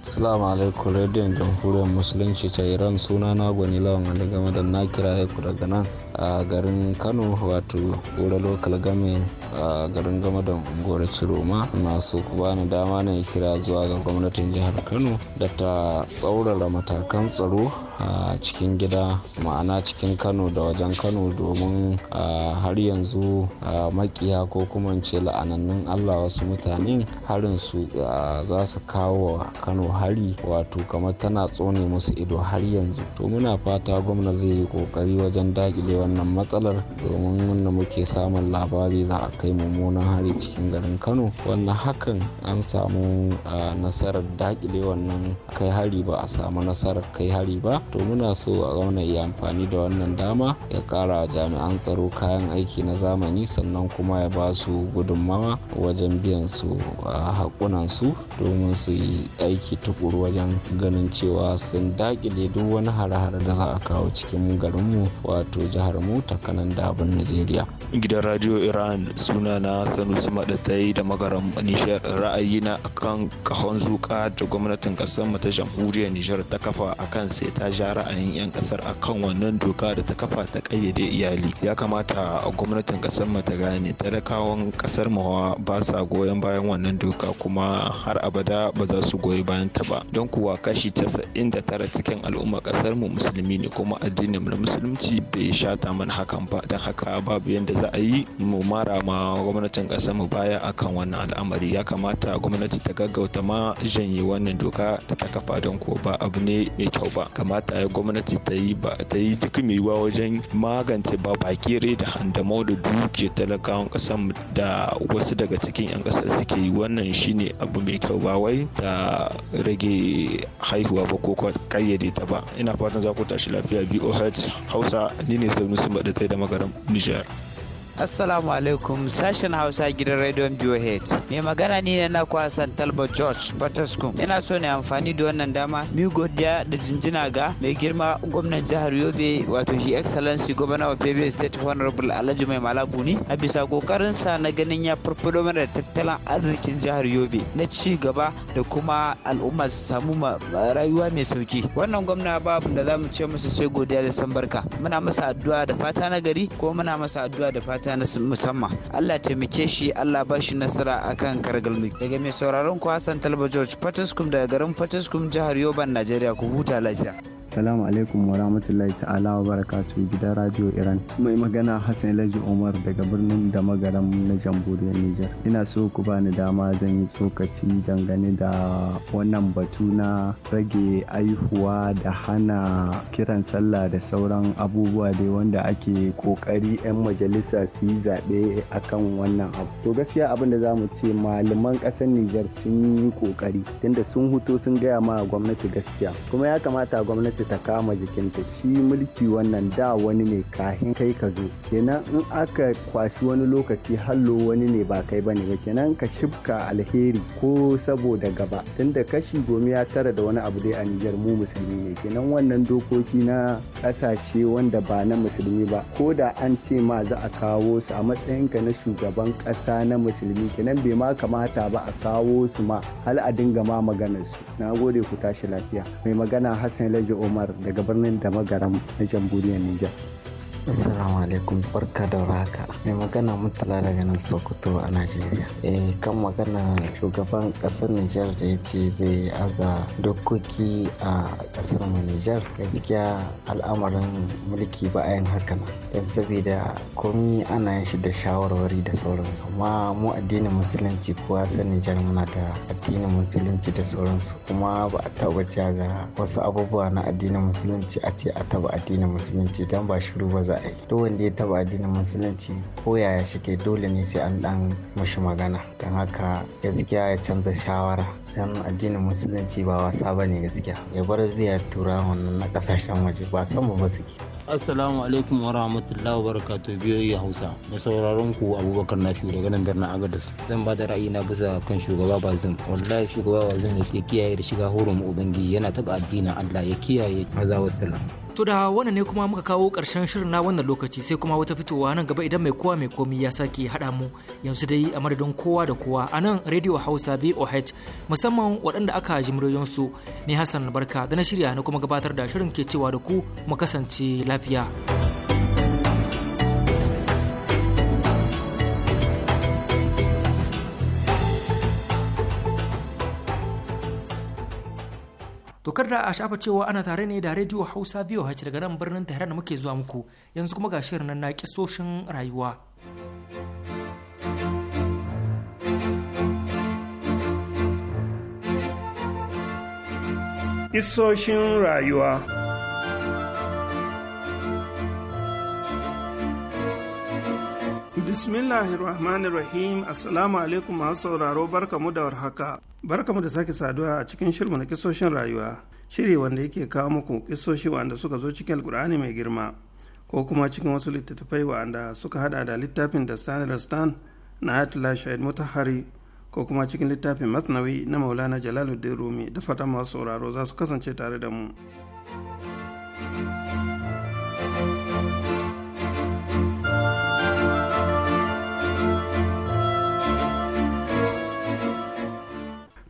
salamu alaikum radiyon jamhuriyar musulunci ta Iran suna na gwani lawan wani game da na kira haiku daga nan a garin Kano wato kura lokal game a garin game da unguwar Ciroma masu ku bani dama na kira zuwa ga gwamnatin jihar Kano da ta tsaurara matakan tsaro a cikin gida ma'ana cikin kano da wajen kano domin har yanzu makiya ko kuma ce la'anannun allah wasu mutane harin su za su kawo wa kano hari wato kamar tana tsone musu ido har yanzu to muna fata gwamna zai yi kokari wajen dakile wannan matsalar domin wanda muke samun labari za a kai mummunan hari cikin garin kano wanda hakan an samu nasarar dakile wannan kai hari ba a samu nasarar kai hari ba to muna so a gwamna ya amfani da wannan dama ya kara jami'an tsaro kayan aiki na zamani sannan kuma ya ba su gudunmawa wajen biyan su a hakunan su domin su yi aiki tuƙuru wajen ganin cewa sun dakile duk wani hare-hare da za a kawo cikin garinmu wato jihar mu ta kanan dabin najeriya gidan radio iran suna na sanusi madatai da magaran nishar ra'ayina akan kahon zuka da gwamnatin kasar mu ta jamhuriyar nishar ta kafa akan sai ta sha ra'ayin 'yan kasar a kan wannan doka da ta kafa ta kayyade iyali ya kamata gwamnatin kasar mu ta gane talakawan kasar mu ba sa goyon bayan wannan doka kuma har abada ba za su goyi bayan ta ba don kuwa kashi 99 cikin al'umma kasar mu musulmi ne kuma addinin mu na musulunci bai shata mana hakan ba don haka babu yadda za a yi mu mara ma gwamnatin kasar mu baya akan wannan al'amari ya kamata gwamnati ta gaggauta ma janye wannan doka da ta kafa don kuwa ba abu ne mai kyau ba kamata kamata gwamnati ta yi ba ta yi duk mai yiwuwa wajen magance ba bakire da handamau da duke talakawan kasan da wasu daga cikin 'yan kasar suke yi wannan shine abu mai kyau ba wai ta rage haihuwa ba ko kayyade ta ba ina fatan za ku tashi lafiya boh hausa ni ne sanusi baɗatai da magaram nijar Assalamu alaikum sashen Hausa gidan rediyon BOH. Mai magana ni ne na Hassan Talbot George Patterson. Ina so ne amfani da wannan dama mi godiya da jinjina ga mai girma gwamnan jihar Yobe wato His Excellency Governor of Yobe State Honorable Alhaji Mai Malabuni a bisa kokarinsa na ganin ya farfado mana da tattalin arzikin jihar Yobe na ci gaba da kuma al'umma su samu rayuwa mai sauki. Wannan gwamna babu da zamu ce masa sai godiya da san Muna masa addu'a da fata na gari ko muna masa addu'a da fata bukata na musamman Allah taimake shi Allah ba shi nasara akan kargalmi daga mai sauraron ku Hassan Talba George daga garin patiskum jihar Yoban Najeriya ku huta lafiya Assalamu alaikum wa rahmatullahi ta'ala wa barakatu gidan Radio Iran. Mai magana Hassan Laji Umar daga birnin da magaram na jamhuriyar Nijar. Ina so ku bani dama zan yi tsokaci dangane da wannan batu na rage aihuwa da hana kiran sallah da sauran abubuwa dai wanda ake kokari 'yan majalisa su yi zaɓe akan wannan abu. To gaskiya abin da za mu ce malaman ƙasar Nijar sun yi kokari tunda sun huto sun gaya ma gwamnati gaskiya. Kuma ya kamata gwamnati ta kama jikinta shi mulki wannan da wani ne kahin kai ka zo kenan in aka kwashi wani lokaci hallo wani ne ba kai bane ba kenan ka shibka alheri ko saboda gaba tunda kashi gomi ya tara da wani abu dai a Nijar mu musulmi ne kenan wannan dokoki na kasashe wanda ba na musulmi ba ko da an ce ma za a kawo su a matsayinka na shugaban kasa na musulmi kenan bai ma kamata ba a kawo su ma hal a dinga ma maganar su na gode ku tashi lafiya mai magana Hassan Lajo Umar daga birnin damagaram magaram na jamhuriyar Nijar. Assalamu alaikum barka da haka mai magana mutala daga nan Sokoto a Najeriya. Eh kan magana shugaban kasar Nijar da ya ce zai aza dokoki a kasar mu Nijar gaskiya al'amarin mulki ba yin haka na don saboda komi ana yin shi da shawarwari da sauransu ma mu addinin musulunci kuwa san Nijar muna da addinin musulunci da sauransu kuma ba a taba ga wasu abubuwa na addinin musulunci a ce a taba addinin musulunci Dan ba shiru ba za za a yi duk wanda ya taba addinin musulunci ko yaya shi ke dole ne sai an dan mushi magana don haka gaskiya ya canza shawara dan addinin musulunci ba wasa ba ne gaskiya ya bar tura wannan na kasashen waje ba san ba suke assalamu alaikum wa rahmatullahi wa barakatu biyoyi hausa da sauraron ku abubakar na fiye daga nan birnin agadas zan ba da ra'ayi na bisa kan shugaba bazum wallahi shugaba bazin ya ke kiyaye da shiga horon ubangiji yana taɓa addinin allah ya kiyaye maza wasu To da wannan ne kuma muka kawo ƙarshen shirin na wannan lokaci sai kuma wata fitowa nan gaba idan mai kowa mai komi ya sake haɗa mu yanzu dai a madadin kowa da kowa a nan Radio Hausa VOH musamman waɗanda aka ji su ne Hassan Barka da na shirya na kuma gabatar da shirin ke cewa da ku mu kasance lafiya. To kar da a shafa cewa ana tare ne da rediyo Hausa biyu hace daga nan birnin Tehran da muke zuwa muku yanzu kuma ga shirin nan na kisoshin rayuwa. isoshin rayuwa Bismillahirrahmanirrahim Assalamu alaikum masu sauraro barkamu da warhaka. mu da sake saduwa a cikin shirmu na kisoshin rayuwa, shiri wanda yake kawo muku kisoshi wanda suka zo cikin alkur'ani mai girma, ko kuma cikin wasu littattafai wanda suka hada da littafin da Stan Rastan na Atla Shahid Mutahari, ko kuma cikin littafin Masnawi na Maulana Jalaluddin Rumi da fatan masu sauraro za su kasance tare da mu.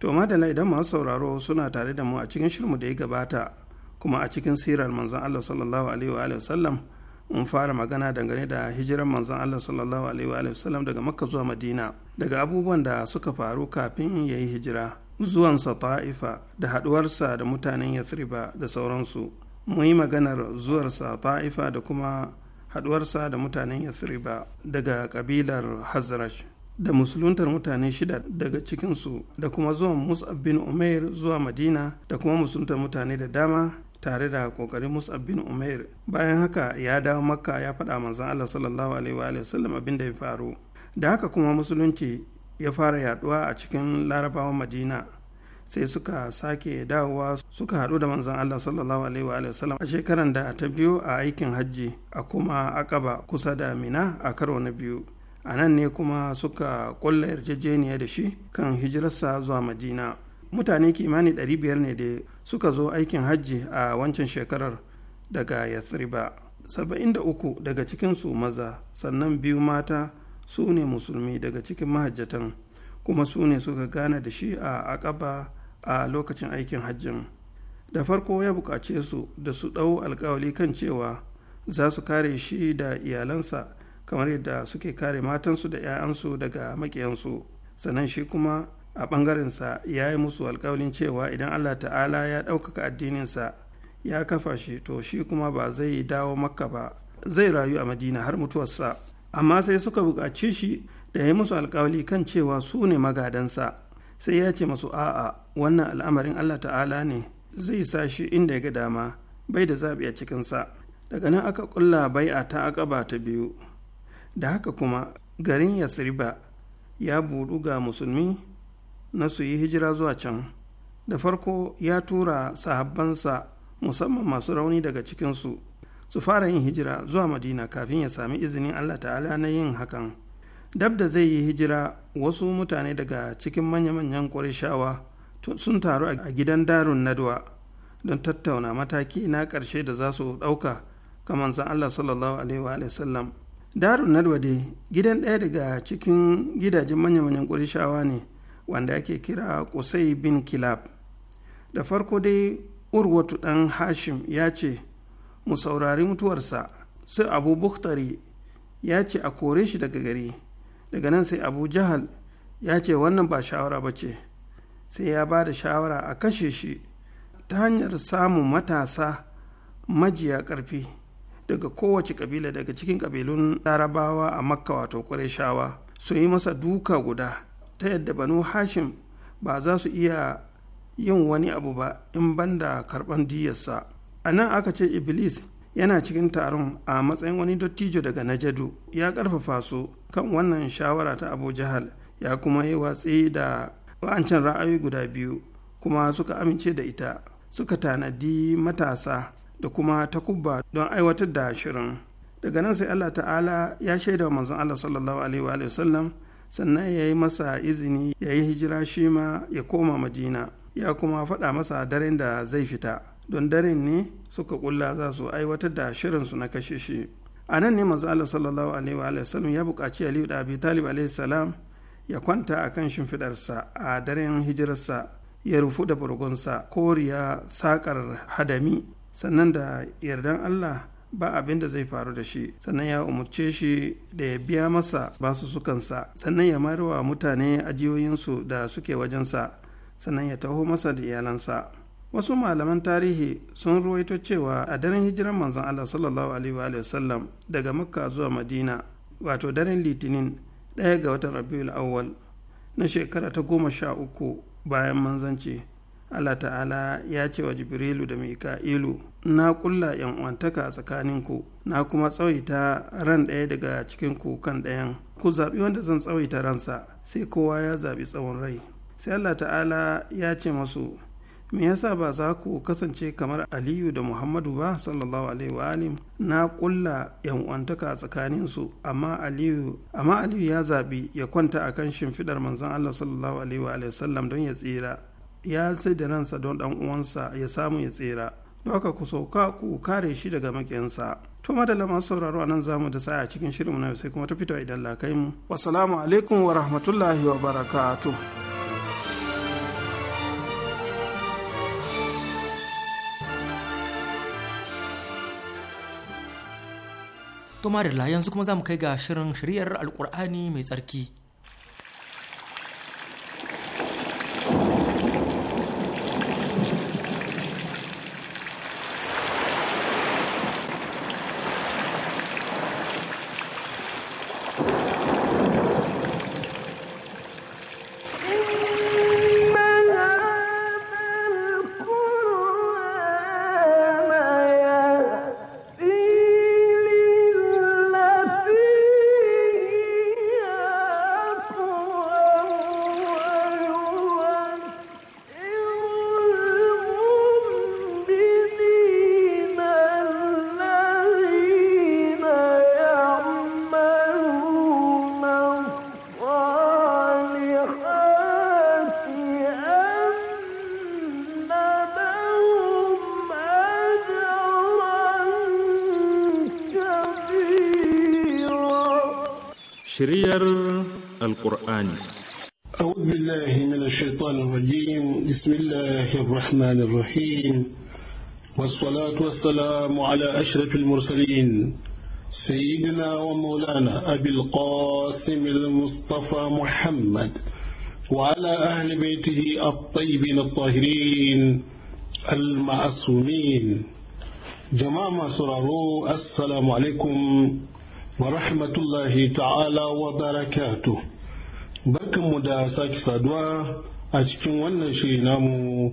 to madalla idan masu sauraro suna tare da mu a cikin shirmu da ya gabata kuma a cikin sirar manzon Allah sallallahu alaihi wa sallam mun fara magana dangane da hijiran manzon Allah sallallahu alaihi wa sallam daga Makka zuwa Madina daga abubuwan da suka faru kafin ya yi hijira zuwansa ta'ifa da haduwarsa da mutanen yathriba da sauransu mun yi maganar zuwarsa ta'ifa da kuma haduwarsa da mutanen yathriba daga kabilar hazrash da musuluntar mutane shida daga cikinsu da kuma zuwan mus'ab bin umair zuwa madina da kuma musuluntar mutane da dama tare da kokarin mus'ab bin umair bayan haka ya dawo makka ya faɗa manzon allah sallallahu alaihi wa sallam abin da ya faru da haka kuma musulunci ya fara yaduwa a cikin larabawan madina sai suka sake dawowa suka haɗu da manzan Allah sallallahu alaihi wa sallam a shekaran da ta biyu a aikin hajji a kuma akaba kusa da mina a karo na biyu a nan ne kuma suka ƙulla yarjejeniya da shi kan hijirarsa zuwa madina mutane kimanin 500 ne da suka zo aikin hajji a wancan shekarar daga yathriba uku, daga cikinsu maza sannan biyu mata su ne musulmi daga cikin mahajjatan kuma su ne suka gane da shi a akaba a lokacin aikin hajjin da farko ya buƙace su da su ɗau alkawali kan cewa za su kare shi da iyalansa kamar yadda suke kare matansu da 'ya'yansu daga makiyansu, sannan shi kuma a ɓangarensa ya yi musu alkawalin cewa idan allah ta'ala ya ɗaukaka addininsa ya kafa shi to shi kuma ba zai dawo makka ba zai rayu a madina har mutuwarsa amma sai suka buƙaci shi da ya yi musu alkawali kan cewa su ne magadansa sai ya ce masu a'a wannan al'amarin allah ta'ala ne zai sa shi inda ya ga dama bai da zaɓi a cikinsa daga nan aka ƙulla bai'a ta aƙaba ta biyu da haka kuma garin yasriba ya buɗu ga musulmi na su yi hijira zuwa can da farko ya tura sahabbansa musamman masu rauni daga cikinsu su fara yin hijira zuwa madina kafin ya sami izinin allah ta'ala na yin hakan dab da zai yi hijira wasu mutane daga cikin manya-manyan ƙwarishawa sun taru a gidan darun nadwa don tattauna mataki na ƙarshe da za su ɗauka kamar san allah sallallahu alaihi wa sallam darun narwade gidan ɗaya daga cikin gidajen manya-manyan ƙurishawa ne wanda ake kira kusai bin kilab da farko dai urwatu ɗan hashim ya ce mu saurari mutuwarsa sai abu buktari ya ce a kore shi daga gari daga nan sai abu jahal ya ce wannan ba shawara ba ce sai ya ba da shawara a kashe shi ta hanyar samun matasa majiya ƙarfi daga kowace kabila daga cikin kabilun larabawa a makka wato ƙurashawa su yi masa duka guda ta yadda banu hashim ba za su iya yin wani abu ba in banda karban diyarsa a nan aka ce iblis yana cikin taron a matsayin wani dattijo daga najadu ya karfafa su kan wannan shawara ta abu jahal ya kuma yi watsi da wa'ancin ra'ayi guda biyu kuma suka amince da ita suka tanadi matasa da kuma takubba don aiwatar da shirin daga nan sai allah ta'ala ya shaida manzon allah sallallahu alaihi wa sallam sannan ya yi masa izini ya yi hijira shi ma ya koma madina ya kuma faɗa masa daren da zai fita don daren ne suka ƙulla za su aiwatar da shirinsu na kashe shi a nan ne manzon Allah sallallahu alaihi wa sallam ya buƙaci Aliyu da Abi Talib alaihi salam ya kwanta a kan shimfidarsa a daren hijirarsa ya rufu da burgunsa koriya saƙar hadami sannan da yardan Allah ba abin da zai faru da shi sannan ya umarce shi da ya biya masa basu sukansa sannan ya wa mutane ajiyoyinsu da suke wajensa sannan ya taho masa da iyalansa wasu malaman tarihi sun ruwaito cewa a daren hijiran manzon Allah sallallahu alaihi wa sallam daga makka zuwa madina wato daren litinin ɗaya ga watan rabiul awwal na shekara ta goma sha uku bayan manzanci allah ta'ala ya ce wa jibrilu da mika'ilu na kulla yan'uwantaka a tsakaninku na kuma tsawaita ran ɗaya daga cikin ku kan ɗayan ku zaɓi wanda zan tsawaita ransa sai kowa ya zaɓi tsawon rai sai allah ta'ala ya ce masu me yasa ba za ku kasance kamar aliyu da muhammadu ba sallallahu alaihi wa alim na kulla yan'uwantaka a tsakaninsu amma aliyu amma aliyu ya zaɓi ya kwanta a kan shimfiɗar manzon allah sallallahu alaihi wa sallam don ya tsira ya sai da ransa don dan uwansa ya samu ya tsira doka ku sauka ku kare shi daga makiyansa to madalla masu sauraro a nan zamu da sa'a cikin shirin na sai kuma ta fito idan la kai mu assalamu alaikum wa rahmatullahi wa barakatuh To yanzu kuma za mu kai ga shirin shiryar Alƙur'ani mai tsarki. الرحمن الرحيم والصلاة والسلام على أشرف المرسلين سيدنا ومولانا أبي القاسم المصطفى محمد وعلى أهل بيته الطيبين الطاهرين المعصومين جماعة سرارو السلام عليكم ورحمة الله تعالى وبركاته بركم مدى ساكي سادوا أشكي نامو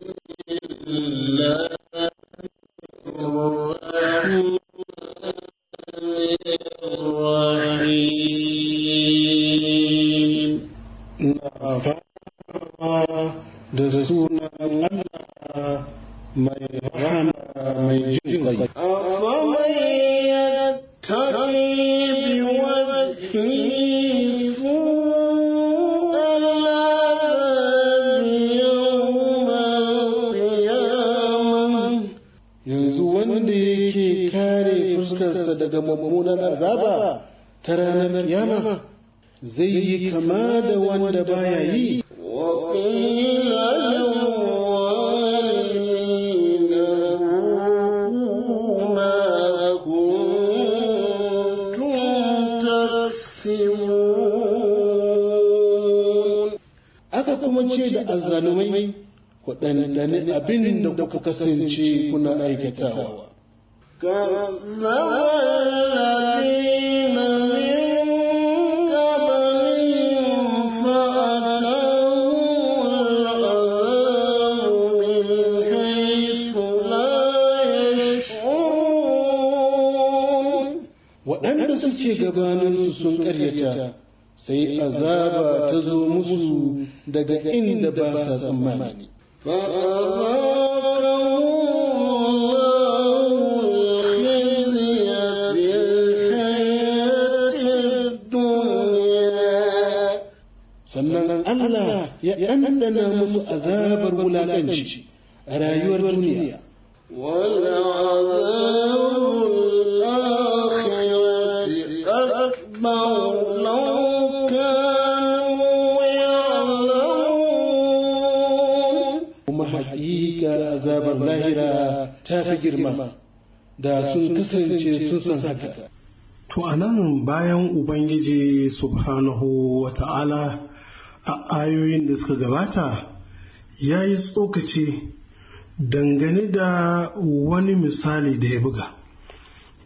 kuma ce da azzalumai ku ɗanɗani abin da kuka kasance kuna aikatawa. Waɗanda suke gabaninsu sun ƙaryata. سي أزابا تزو مسو دقا إن دباسا سماني لأننا مس أذاب الملاكنش أرايور الدنيا والعذاب azabar na ta fi girma da sun kasance sun san haka. To a nan bayan Ubangiji Subhanahu wa ta'ala a ayoyin da suka gabata ya yi tsokaci dangane da wani misali da ya buga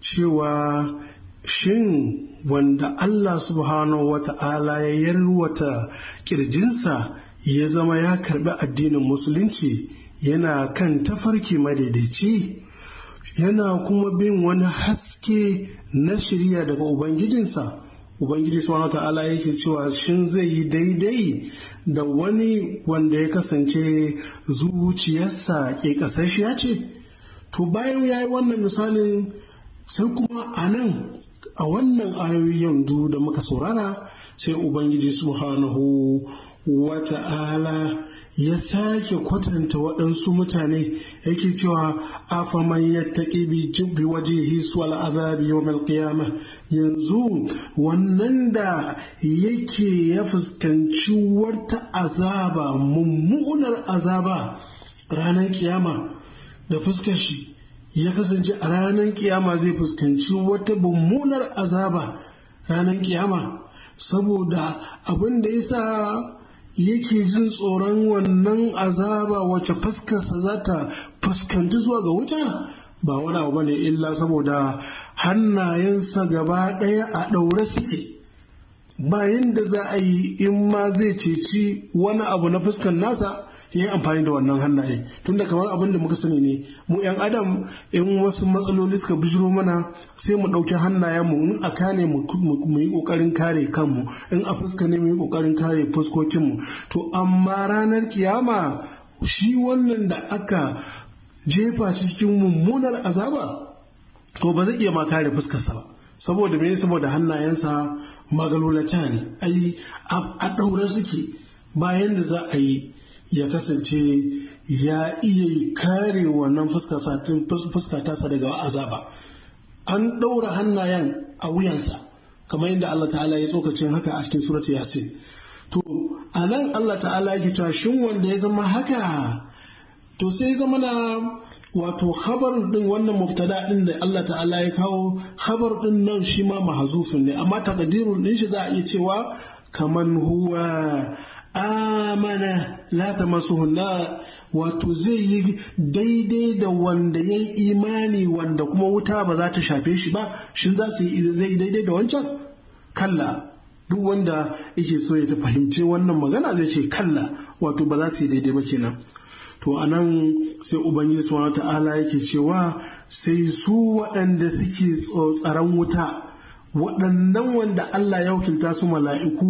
cewa shin wanda Allah subhanahu wa ta'ala ya yarwata kirjinsa ya zama ya karbi addinin musulunci yana kan tafarki madaidaici yana kuma bin wani haske na shirya daga ubangijinsa ubangiji subhanahu ta'ala yake cewa shin zai yi daidai da wani wanda ya kasance zuciyarsa ke kasashiya ce to bayan ya yi wannan misalin sai kuma a nan a wannan ayoyi yanzu da muka saurara sai ubangiji subhanahu wa ta'ala ya sake kwatanta waɗansu mutane yake cewa afaman taƙi bi jibbi waje hisu azabi yau qiyamah yanzu wannan da yake ya fuskanci wata azaba mummunar azaba ranar kiyama da fuskar shi ya kasance a ranar kiyama zai fuskanci wata mummunar azaba ranar kiyama saboda abin da ya sa yake jin tsoron wannan azaba wacce fuskarsa za ta fuskanci zuwa ga wuta ba wani abu bane illa saboda hannayensa gaba ɗaya a ɗaure suke bayan da za a yi in ma zai ceci wani abu na fuskan nasa yin amfani da wannan hannaye tunda kamar abin da muka sani ne mu yan adam in wasu matsaloli suka bijiro mana sai mu ɗauki hannayen mu in a kane mu yi ƙoƙarin kare kanmu in a fuska ne mu yi ƙoƙarin kare fuskokinmu to amma ranar kiyama shi wannan da aka jefa cikin mummunar azaba to ba zai iya ma kare fuskarsa ba saboda me saboda hannayensa magalolata ne ai a ɗaure suke bayan da za a yi ya kasance ya iya kare wannan fuska tasa daga azaba an ɗaura hannayen a wuyansa kamar yadda Allah ta'ala ya tsokacin haka a cikin surat yasin to a nan Allah ta'ala ya cewa shin wanda ya zama haka to sai zama na wato khabar din wannan mubtada din da Allah ta'ala ya kawo khabar din nan shi ma mahazufin ne amma takadirun din shi za a iya cewa Kamar huwa amana la masu na wato zai yi daidai da wanda ya yi imani wanda kuma wuta ba za ta shafe shi ba shi za su yi daidai da wancan kalla duk wanda yake so ya ta fahimci wannan magana zai ce kalla wato ba za su yi daidai ba kenan to a nan sai ubangiji subhanahu ta'ala yake cewa sai su waɗanda suke tsaron wuta waɗannan wanda Allah ya wakilta su mala'iku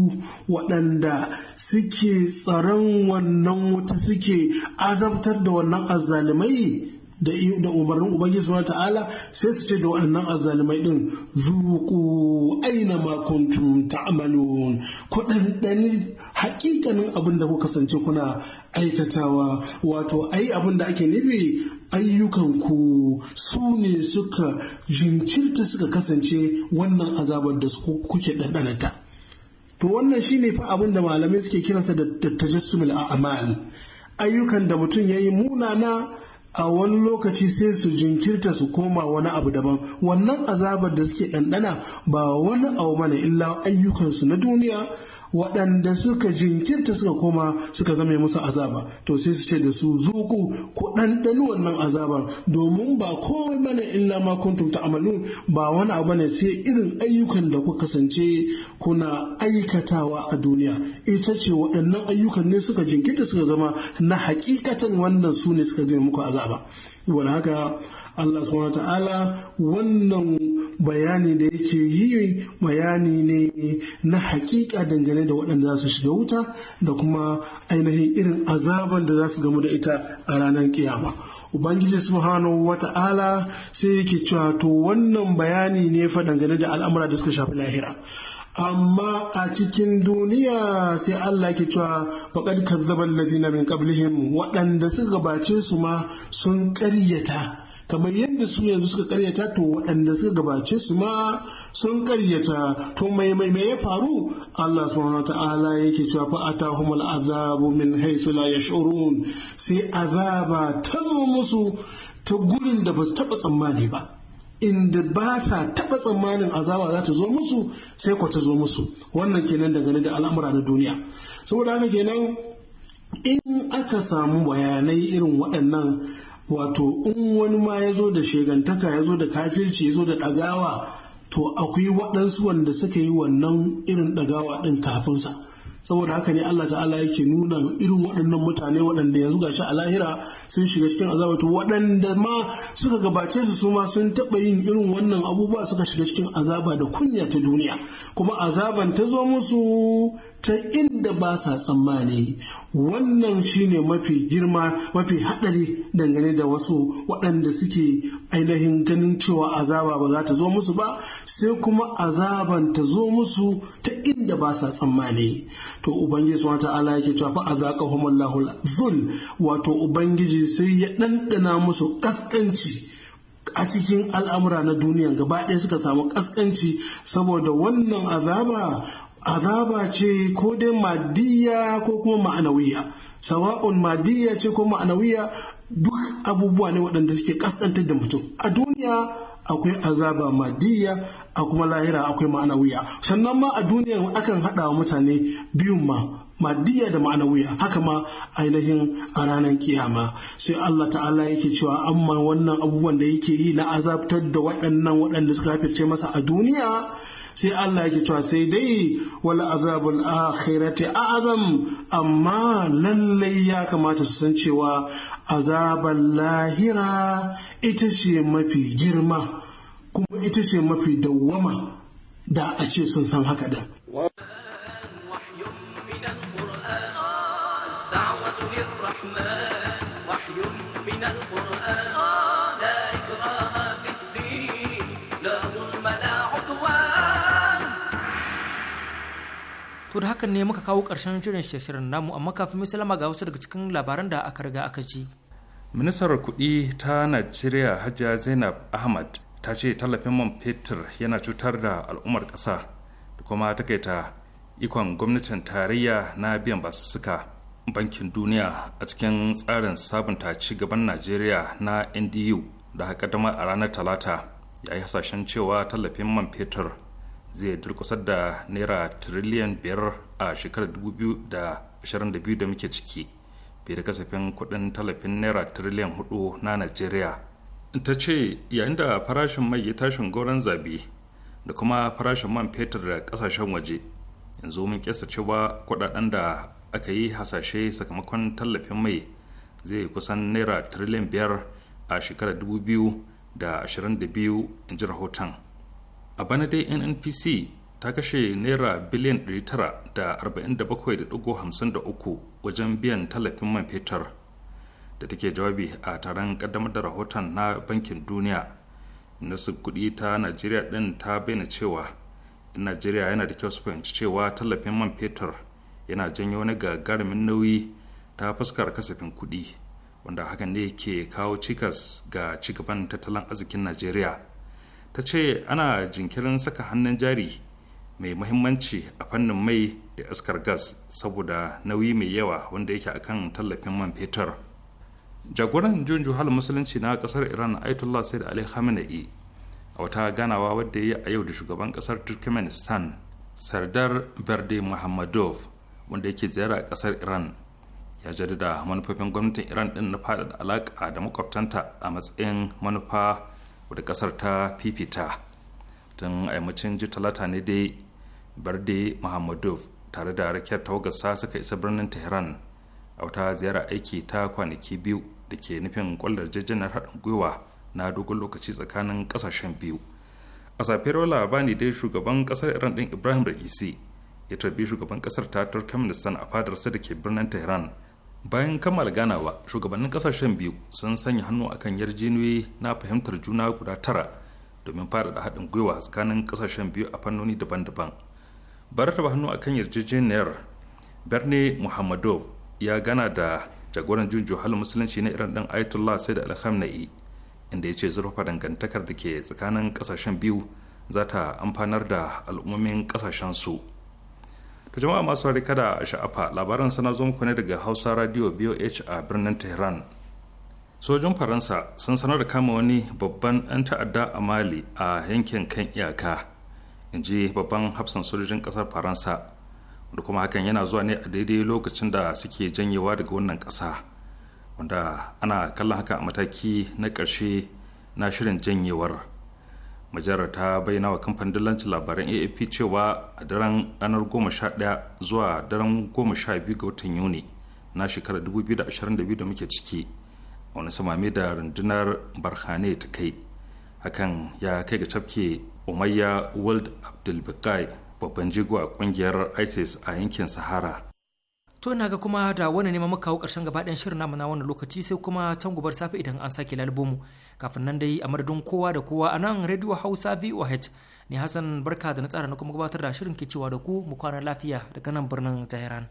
waɗanda suke tsaron wannan wuta suke azabtar da wannan azzalimai da umarnin ubangiji wa ta'ala sai su ce da waɗannan azalimai din zuku aina ma kuntum ta'malun ku ɗanɗani hakikanin abin da kuka kasance kuna aikatawa wato ai abin da ake nufi ayyukanku su ne suka jinkirta suka kasance wannan azabar da kuke ɗanɗanata to wannan shine fa abin da malamai suke kiransa da tajassumul a'mal ayyukan da mutum yayi munana a wani lokaci sai su jinkirta su koma wani abu daban wannan azabar da suke ɗanɗana ba wani abu mana illa ayyukansu na duniya waɗanda suka jinkirta suka koma suka zama musu azaba to sai su ce da su zuku ku ɗanɗani wannan azaban domin ba kowai bane illa ma kuntum ta'malun ba wani abu bane sai irin ayyukan da ku kasance kuna aikatawa a duniya ita ce waɗannan ayyukan ne suka jinkirta suka zama na hakikatan wannan su ne suka zama muku azaba wani haka Allah subhanahu ta'ala wannan bayani da yake yi bayani ne na hakika dangane da waɗanda za su shiga wuta da kuma ainihin irin azaban da za su gamu da ita a ranar kiyama Ubangiji subhanahu wa ta'ala sai yake cewa to wannan bayani ne fa dangane da al'amura da suka shafi lahira. amma a cikin duniya sai Allah ke cewa faƙad kazzaban lazina min qablihim waɗanda suka gabace su ma sun ƙaryata kamar yadda su yanzu suka karyata to waɗanda suka gabace su ma sun karyata to mai mai ya faru Allah subhanahu ta'ala yake cewa fa atahumul azabu min haythu la yash'urun sai azaba ta zo musu ta gurin da ba su taba tsammani ba inda ba sa taba tsammanin azaba za ta zo musu sai ko ta zo musu wannan kenan dangane da al'amura na duniya saboda haka kenan in aka samu bayanai irin waɗannan wato in wani ma ya zo da shegantaka ya zo da kafirci ya zo da ɗagawa to akwai waɗansu wanda suka yi wannan irin ɗagawa ɗin kafinsa saboda haka ne Allah ta'ala yake nuna irin waɗannan mutane waɗanda yanzu shi a lahira sun shiga cikin azaba to waɗanda ma suka gabace su su ma sun taɓa yin irin wannan abubuwa suka shiga cikin azaba da kunya ta duniya kuma azaban ta zo musu ta inda ba sa tsammani wannan shine mafi girma mafi haɗari dangane da wasu waɗanda suke ainihin ganin cewa azaba ba za ta zo musu ba sai kuma azaban ta zo musu ta inda ba sa tsammani to ubangiji subhanahu ta'ala yake cewa fa azaqahum Allahu zul wato ubangiji sai ya dandana musu ƙasƙanci a cikin al'amura na duniya gaba ɗaya suka samu ƙasƙanci saboda wannan azaba azaba ce ko dai madiyya ko kuma ma'anawiya sawa'un madiyya ce ko ma'anawiya duk abubuwa ne waɗanda suke kaskantar da mutum a duniya akwai azaba madiya a kuma lahira akwai ma'anawiya sannan ma a duniya akan haɗa wa mutane biyun ma madiya da ma'anawiya haka ma ainihin a ranar kiyama sai Allah ta'ala yake cewa amma wannan abubuwan da yake yi na azabtar da waɗannan waɗanda suka hafirce masa a duniya sai Allah yake cewa sai dai wal azabul akhirati a'zam amma lallai ya kamata su san cewa azaban lahira ita ce mafi girma kuma ita ce mafi dawwama da a ce sun san haka da to da hakan ne muka kawo ƙarshen shirin shirin namu amma kafin mu salama ga wasu daga cikin labaran da aka riga aka ji ministar kuɗi ta najeriya hajjia zainab ahmad ta ce tallafin man fetur yana cutar da al'ummar ƙasa da kuma takaita ikon gwamnatin tarayya na biyan basussuka bankin duniya a cikin tsarin sabunta ci gaban najeriya na ndu da haƙadama a ranar talata ya yi hasashen cewa tallafin man fetur zai durkusar da naira tiriliyan biyar a shekarar 2022 da muke ciki fiye da kasafin kudin talafin naira tiriliyan hudu na nigeria. ta ce yayin da farashin mai ya tashin goron zabe da kuma farashin man fetur da kasashen waje yanzu mun kesa cewa kudaden da aka yi hasashe sakamakon tallafin mai zai kusan naira tiriliyan biyar a shekarar 2022 in ji rahoton a bana dai nnpc ta kashe naira biliyan 947.53 wajen biyan tallafin man fetur da take jawabi a taron kaddamar da rahoton na bankin duniya nasu kudi ta najeriya din ta bayyana cewa in najeriya yana da kyau su fahimci cewa tallafin man fetur yana janyo wani gagarumin nauyi ta fuskar kasafin kudi wanda hakan ne ke kawo cikas ga cigaban tattalin arzikin najeriya ta ce ana jinkirin saka hannun jari mai muhimmanci a fannin mai da askar gas saboda nauyi mai yawa wanda yake akan tallafin man fetur jagoran junju hal musulunci na kasar iran ayatollah said ali khamenei a wata ganawa wadda ya yi a yau da shugaban kasar turkmenistan sardar berde muhammadov wanda yake ziyara a kasar iran ya jaddada manufofin gwamnatin iran din na faɗaɗa alaƙa da makwabtanta a matsayin manufa wadda kasar ta fifita tun aimacin ji talata ne dai barde muhammadov tare da rakiyar tawagarsa suka isa birnin tehran a wata ziyara aiki ta kwanaki biyu da ke nufin kwallar jajjanar haɗin gwiwa na dogon lokaci tsakanin ƙasashen biyu a safiyar labani dai shugaban ƙasar iran ɗin ibrahim ra'isi ya tarbi shugaban ƙasar ta turkmenistan a fadarsa da ke birnin tehran bayan kammala ganawa shugabannin kasashen biyu sun sanya hannu akan yarjejeniyoyi na fahimtar juna guda tara domin fara da haɗin gwiwa tsakanin kasashen biyu a fannoni daban-daban ba taba hannu akan yarjejeniyar berne muhammadov ya gana da jagoran jin halin musulunci na iran ɗin ayatollah said alhamnai inda ya ce zurfafa dangantakar da ke tsakanin kasashen biyu za ta amfanar da al'ummomin kasashen su To jama'a masu hari kada a sha'afa labaran sana zo muku ne daga Hausa Radio b_o_h a birnin Tehran. Sojin Faransa sun sanar da kama wani babban ɗan ta'adda a Mali a yankin kan iyaka, in ji babban hafsan sojojin ƙasar Faransa, wanda kuma hakan yana zuwa ne a daidai lokacin da suke janyewa daga wannan ƙasa, wanda ana kallon haka a mataki na ƙarshe na shirin janyewar. majalar ta bayyana wa kamfanin dillancin labaran AAP cewa a daren ranar 11 zuwa daren 12 ga watan Yuni na shekarar 2022 da muke ciki wani samami da rundunar barhane ta kai hakan ya kai ga cafke umayya world abdulbikai babban jigo a kungiyar isis a yankin sahara to na ga kuma da wani neman muka hau karshen gabaɗayan shirin namu na wani lokaci sai kuma can gubar safe idan an sake lalbomu kafin nan dai a madadin kowa da kowa a nan radio hausa voh ne hassan barka da na tsara na kuma gabatar da shirin ke cewa da ku mu kwana lafiya daga nan birnin tehran